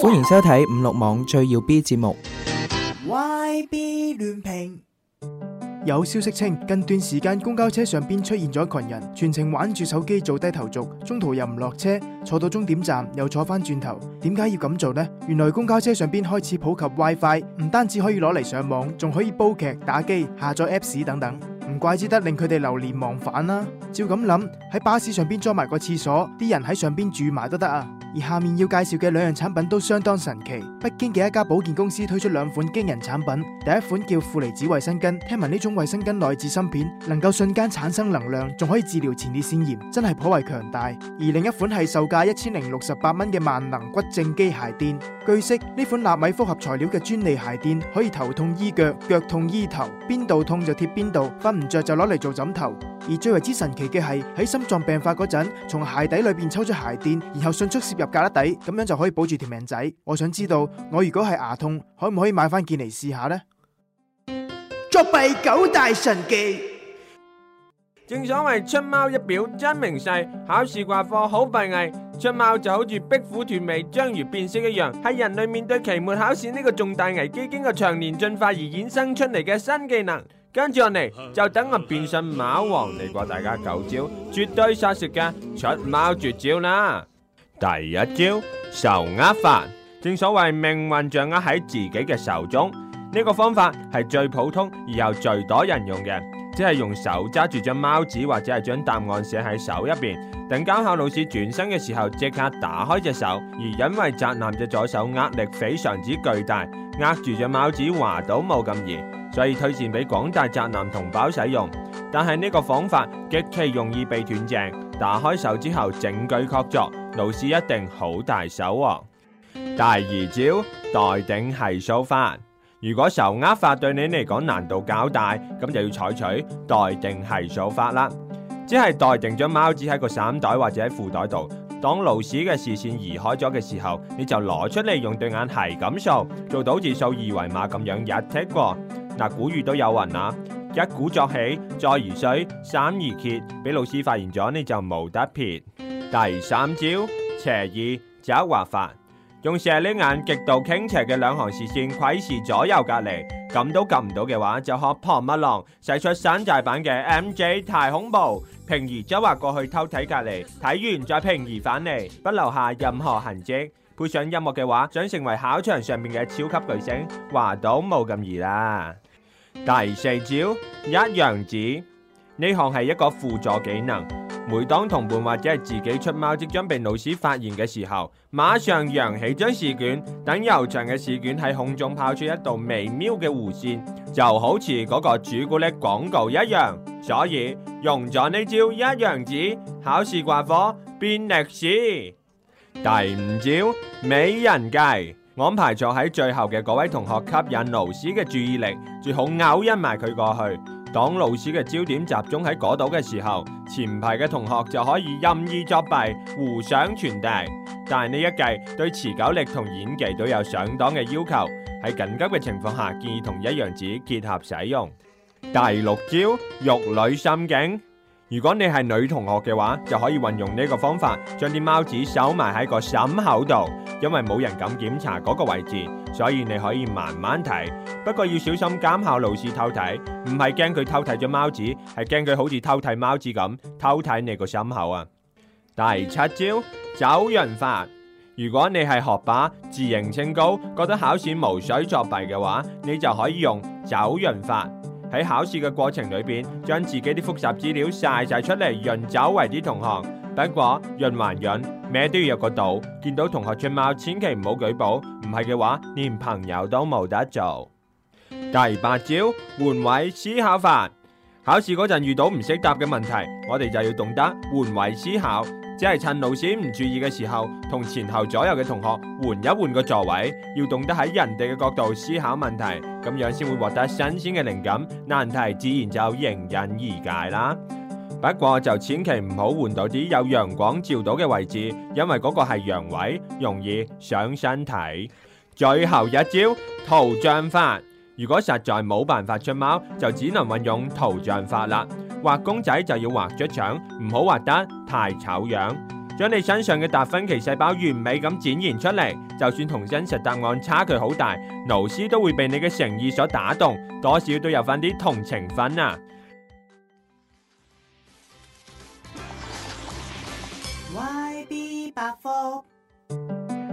歡迎收睇五六網最耀 B 節目。YB 亂評有消息稱，近段時間公交車上邊出現咗群人，全程玩住手機做低頭族，中途又唔落車，坐到終點站又坐翻轉頭。點解要咁做呢？原來公交車上邊開始普及 WiFi，唔單止可以攞嚟上網，仲可以煲劇、打機、下載 Apps 等等。唔怪之得令佢哋流連忘返啦。照咁諗，喺巴士上邊裝埋個廁所，啲人喺上邊住埋都得啊！而下面要介紹嘅兩樣產品都相當神奇。北京嘅一家保健公司推出兩款驚人產品，第一款叫負離子衛生巾，聽聞呢種衛生巾內置芯片，能夠瞬間產生能量，仲可以治療前列腺炎，真係頗為強大。而另一款係售價一千零六十八蚊嘅萬能骨正機械墊。據悉呢款納米複合材料嘅專利鞋墊可以頭痛醫腳、腳痛醫頭，邊度痛就貼邊度，瞓唔着就攞嚟做枕頭。而最為之神奇嘅係喺心臟病發嗰陣，從鞋底裏邊抽出鞋墊，然後迅速攝入隔底，咁樣就可以保住條命仔。我想知道，我如果係牙痛，可唔可以買翻件嚟試下呢？作弊九大神技，正所謂出貓一表真名士，考試掛科好閉翳。出貓就好似壁虎斷尾、章魚變色一樣，係人類面對期末考試呢個重大危機，經過長年進化而衍生出嚟嘅新技能。跟住落嚟，就等我變身貓王嚟過大家九招絕對殺食嘅出貓絕招啦！第一招，手握法，正所謂命運掌握喺自己嘅手中，呢個方法係最普通而又最多人用嘅，即係用手揸住張貓紙或者係將答案寫喺手入邊。等監考老師轉身嘅時候，即刻打開隻手，而因為宅男隻左手壓力非常之巨大，握住隻帽子滑到冇咁易，所以推薦俾廣大宅男同胞使用。但係呢個方法極其容易被斷正，打開手之後證據確鑿，老師一定好大手。第二招待定係數法，如果手握法對你嚟講難度較大，咁就要採取待定係數法啦。只係待定咗貓子喺個衫袋或者喺褲袋度，當老師嘅視線移開咗嘅時候，你就攞出嚟用對眼係咁掃，做到似掃二維碼咁樣一剔過。嗱，古語都有云啊，一鼓作氣，再而衰，三而竭，俾老師發現咗你就冇得撇。第三招斜二找畫法，用蛇呢眼極度傾斜嘅兩行視線窺視左右隔離。咁都撳唔到嘅話，就學破乜狼，使出山寨版嘅 MJ 太恐怖。平移周劃過去偷睇隔離，睇完再平移返嚟，不留下任何痕跡。配上音樂嘅話，想成為考場上面嘅超級巨星，話到冇咁易啦。第四招一樣子，呢項係一個輔助技能。每當同伴或者係自己出貓即將被老師發現嘅時候，馬上揚起張試卷，等悠長嘅試卷喺空中拋出一道微妙嘅弧線，就好似嗰個朱古力廣告一樣。所以用咗呢招，一樣子考試掛科變歷史。第五招美人計，安排坐喺最後嘅嗰位同學吸引老師嘅注意力，最好勾引埋佢過去。當老師嘅焦點集中喺嗰度嘅時候，前排嘅同學就可以任意作弊、互相傳遞。但係呢一計對持久力同演技都有相當嘅要求。喺緊急嘅情況下，建議同一樣紙結合使用。第六招，玉女心經。如果你係女同學嘅話，就可以運用呢個方法，將啲貓紙收埋喺個心口度。因為冇人敢檢查嗰個位置，所以你可以慢慢睇。不過要小心監考老師偷睇，唔係驚佢偷睇咗貓子，係驚佢好似偷睇貓子咁偷睇你個心口啊！第七招走潤法，如果你係學霸自認清高，覺得考試無需作弊嘅話，你就可以用走潤法，喺考試嘅過程裏邊，將自己啲復習資料晒晒出嚟，潤走為啲同學。不過潤還潤，咩都要有個度。見到同學出貓，千祈唔好舉報，唔係嘅話，連朋友都冇得做。第八招換位思考法，考試嗰陣遇到唔識答嘅問題，我哋就要懂得換位思考，只係趁老師唔注意嘅時候，同前後左右嘅同學換一換個座位，要懂得喺人哋嘅角度思考問題，咁樣先會獲得新鮮嘅靈感，難題自然就迎刃而解啦。不過就千祈唔好換到啲有陽光照到嘅位置，因為嗰個係陽位，容易傷身體。最後一招圖像法，如果實在冇辦法出貓，就只能運用圖像法啦。畫公仔就要畫出腸，唔好畫得太醜樣，將你身上嘅達芬奇細胞完美咁展現出嚟。就算同真實答案差距好大，老師都會被你嘅誠意所打動，多少都有翻啲同情分啊！百科，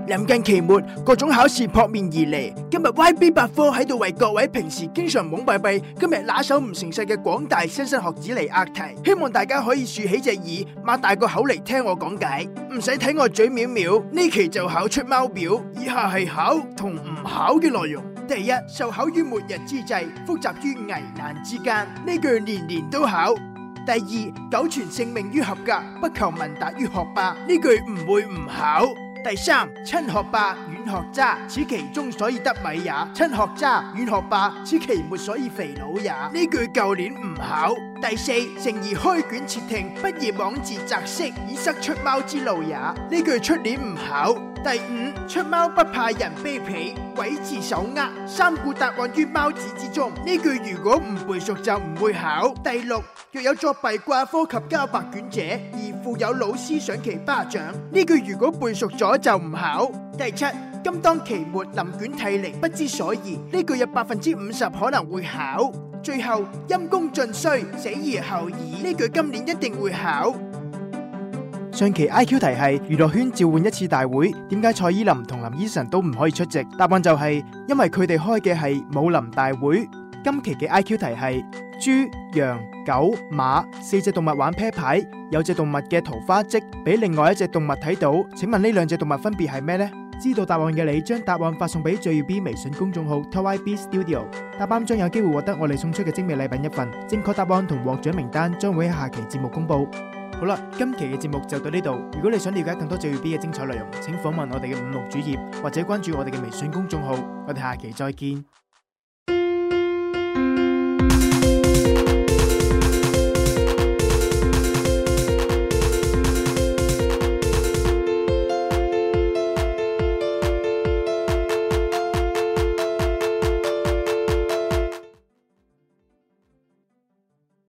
臨近期末，各種考試撲面而嚟。今日 Y B 百科喺度為各位平時經常懵閉閉，今日拿手唔誠實嘅廣大新生學子嚟壓題，希望大家可以豎起隻耳，擘大個口嚟聽我講解，唔使睇我嘴藐藐。呢期就考出貓表，以下係考同唔考嘅內容。第一，受考於末日之際，複雜於危難之間，呢句年年都考。第二，苟全性命於合格，不求聞達於學霸。呢句唔會唔考。第三，親學霸，遠學渣，此其中所以得米也；親學渣，遠學霸，此其末所以肥佬也。呢句舊年唔考。第四，誠宜開卷切聽，不宜妄自擇色，以塞出貓之路也。呢句出年唔考。第五，出貓不怕人卑鄙，鬼字手握，三顧答案於貓子之中。呢句如果唔背熟就唔會考。第六，若有作弊掛科及交白卷者，宜附有老師賞其巴掌。呢句如果背熟咗就唔考。第七，今當期末臨卷涕零，不知所以。呢句有百分之五十可能會考。最後陰功盡衰，死而後已。呢句今年一定會考。上期 IQ 題係娛樂圈召喚一次大會，點解蔡依林同林依晨都唔可以出席？答案就係因為佢哋開嘅係武林大會。今期嘅 IQ 題係：豬、羊、狗、馬四隻動物玩啤牌，有隻動物嘅桃花跡俾另外一隻動物睇到，請問呢兩隻動物分別係咩呢？知道答案嘅你，將答案發送俾最耀 B 微信公眾號 TOP YB Studio，答啱，將有機會獲得我哋送出嘅精美禮品一份。正確答案同獲獎名單將會喺下期節目公布。好啦，今期嘅節目就到呢度。如果你想了解更多最耀 B 嘅精彩內容，請訪問我哋嘅五六主頁或者關注我哋嘅微信公眾號。我哋下期再見。